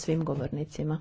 svim govornicima.